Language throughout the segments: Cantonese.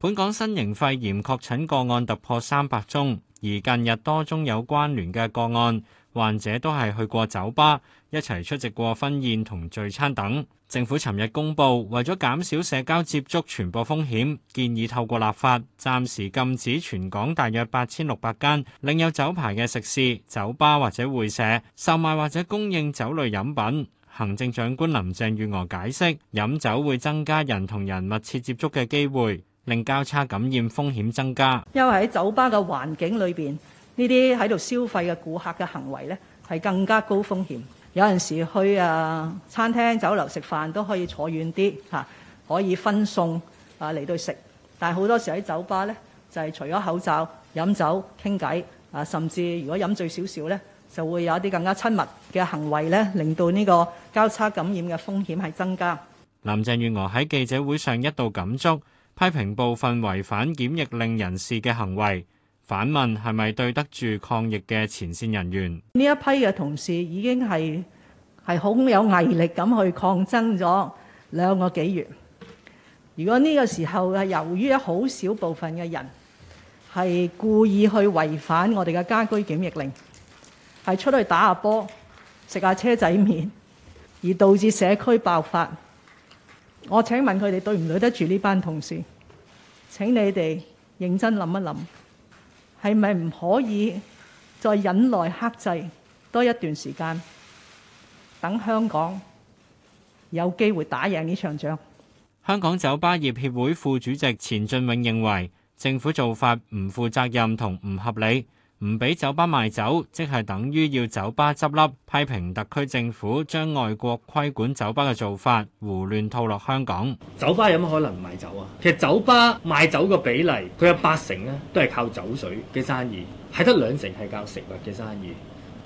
本港新型肺炎確診個案突破三百宗，而近日多宗有關聯嘅個案，患者都係去過酒吧，一齊出席過婚宴同聚餐等。政府尋日公布，為咗減少社交接觸傳播風險，建議透過立法暫時禁止全港大約八千六百間領有酒牌嘅食肆、酒吧或者會社售賣或者供應酒類飲品。行政長官林鄭月娥解釋，飲酒會增加人同人密切接觸嘅機會。令交叉感染風險增加，因為喺酒吧嘅環境裏邊，呢啲喺度消費嘅顧客嘅行為咧，係更加高風險。有陣時去啊餐廳、酒樓食飯都可以坐遠啲嚇，可以分餸啊嚟到食，但係好多時喺酒吧咧，就係除咗口罩、飲酒、傾偈啊，甚至如果飲醉少少咧，就會有一啲更加親密嘅行為咧，令到呢個交叉感染嘅風險係增加。林鄭月娥喺記者會上一度感觸。批評部分違反檢疫令人士嘅行為，反問係咪對得住抗疫嘅前線人員？呢一批嘅同事已經係係好有毅力咁去抗爭咗兩個幾月。如果呢個時候係由於好少部分嘅人係故意去違反我哋嘅家居檢疫令，係出去打下波、食下車仔麵，而導致社區爆發。我請問佢哋對唔對得住呢班同事？請你哋認真諗一諗，係咪唔可以再忍耐克制多一段時間，等香港有機會打贏呢場仗？香港酒吧業協會副主席錢俊永認為，政府做法唔負責任同唔合理。唔俾酒吧賣酒，即係等於要酒吧執笠。批評特區政府將外國規管酒吧嘅做法，胡亂套落香港。酒吧有乜可能唔賣酒啊？其實酒吧賣酒個比例，佢有八成咧都係靠酒水嘅生意，係得兩成係靠食物嘅生意。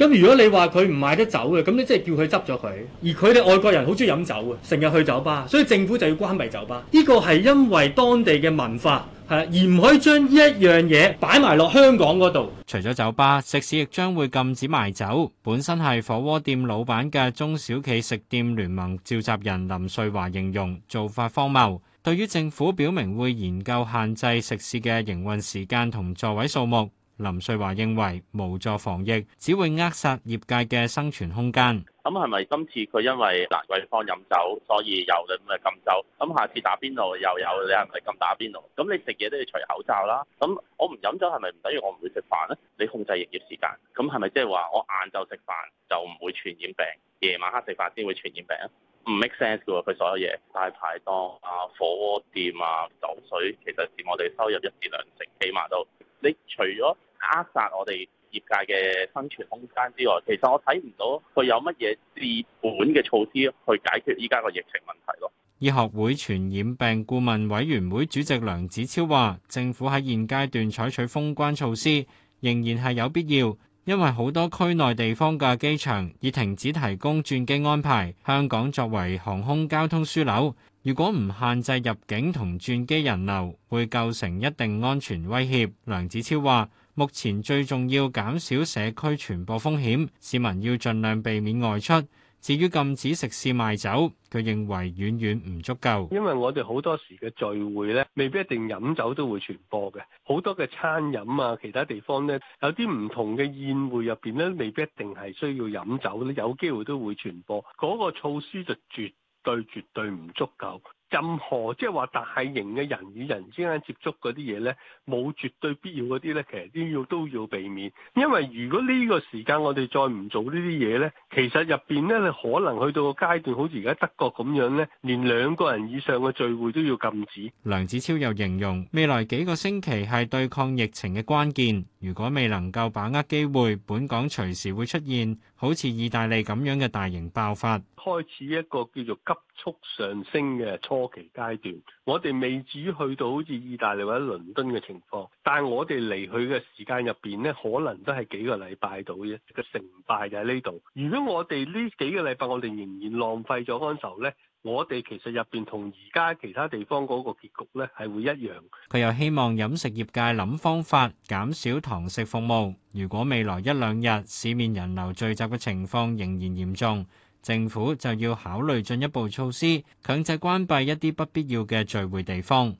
咁如果你話佢唔賣得酒嘅，咁你即係叫佢執咗佢。而佢哋外國人好中意飲酒嘅，成日去酒吧，所以政府就要關閉酒吧。呢個係因為當地嘅文化，係而唔可以將一樣嘢擺埋落香港嗰度。除咗酒吧，食肆亦將會禁止賣酒。本身係火鍋店老闆嘅中小企食店聯盟召集人林瑞華形容做法荒謬。對於政府表明會研究限制食肆嘅營運時間同座位數目，林瑞華認為，無助防疫只會扼殺業界嘅生存空間。咁係咪今次佢因為蘭桂坊飲酒，所以又有咁嘅禁酒？咁下次打邊爐又有，你係咪禁打邊爐？咁你食嘢都要除口罩啦。咁我唔飲酒係咪唔等於我唔會食飯咧？你控制營業時間，咁係咪即係話我晏晝食飯就唔會傳染病，夜晚黑食飯先會傳染病啊？唔 make sense 嘅喎，佢所有嘢大排檔啊、火鍋店啊、酒水，其實是我哋收入一至兩成，起碼都你除咗。扼殺我哋業界嘅生存空間之外，其實我睇唔到佢有乜嘢治本嘅措施去解決依家個疫情問題咯。醫學會傳染病顧問委員會主席梁子超話，政府喺現階段採取封關措施仍然係有必要，因為好多區內地方嘅機場已停止提供轉機安排。香港作為航空交通樞紐，如果唔限制入境同轉機人流，會構成一定安全威脅。梁子超話。目前最重要減少社區傳播風險，市民要盡量避免外出。至於禁止食肆賣酒，佢認為遠遠唔足夠。因為我哋好多時嘅聚會咧，未必一定飲酒都會傳播嘅。好多嘅餐飲啊，其他地方咧，有啲唔同嘅宴會入邊咧，未必一定係需要飲酒咧，有機會都會傳播。嗰個措施就絕對絕對唔足夠。任何即係話大型嘅人與人之間接觸嗰啲嘢咧，冇絕對必要嗰啲咧，其實都要都要避免。因為如果呢個時間我哋再唔做呢啲嘢咧，其實入邊咧，你可能去到個階段，好似而家德國咁樣咧，連兩個人以上嘅聚會都要禁止。梁子超又形容未來幾個星期係對抗疫情嘅關鍵，如果未能夠把握機會，本港隨時會出現好似意大利咁樣嘅大型爆發，開始一個叫做急速上升嘅初期階段，我哋未至於去到好似意大利或者倫敦嘅情況，但係我哋離去嘅時間入邊呢，可能都係幾個禮拜到嘅。個成敗就喺呢度。如果我哋呢幾個禮拜我哋仍然浪費咗安守呢，我哋其實入邊同而家其他地方嗰個結局呢係會一樣。佢又希望飲食業界諗方法減少堂食服務。如果未來一兩日市面人流聚集嘅情況仍然嚴重，政府就要考慮進一步措施，強制關閉一啲不必要嘅聚會地方。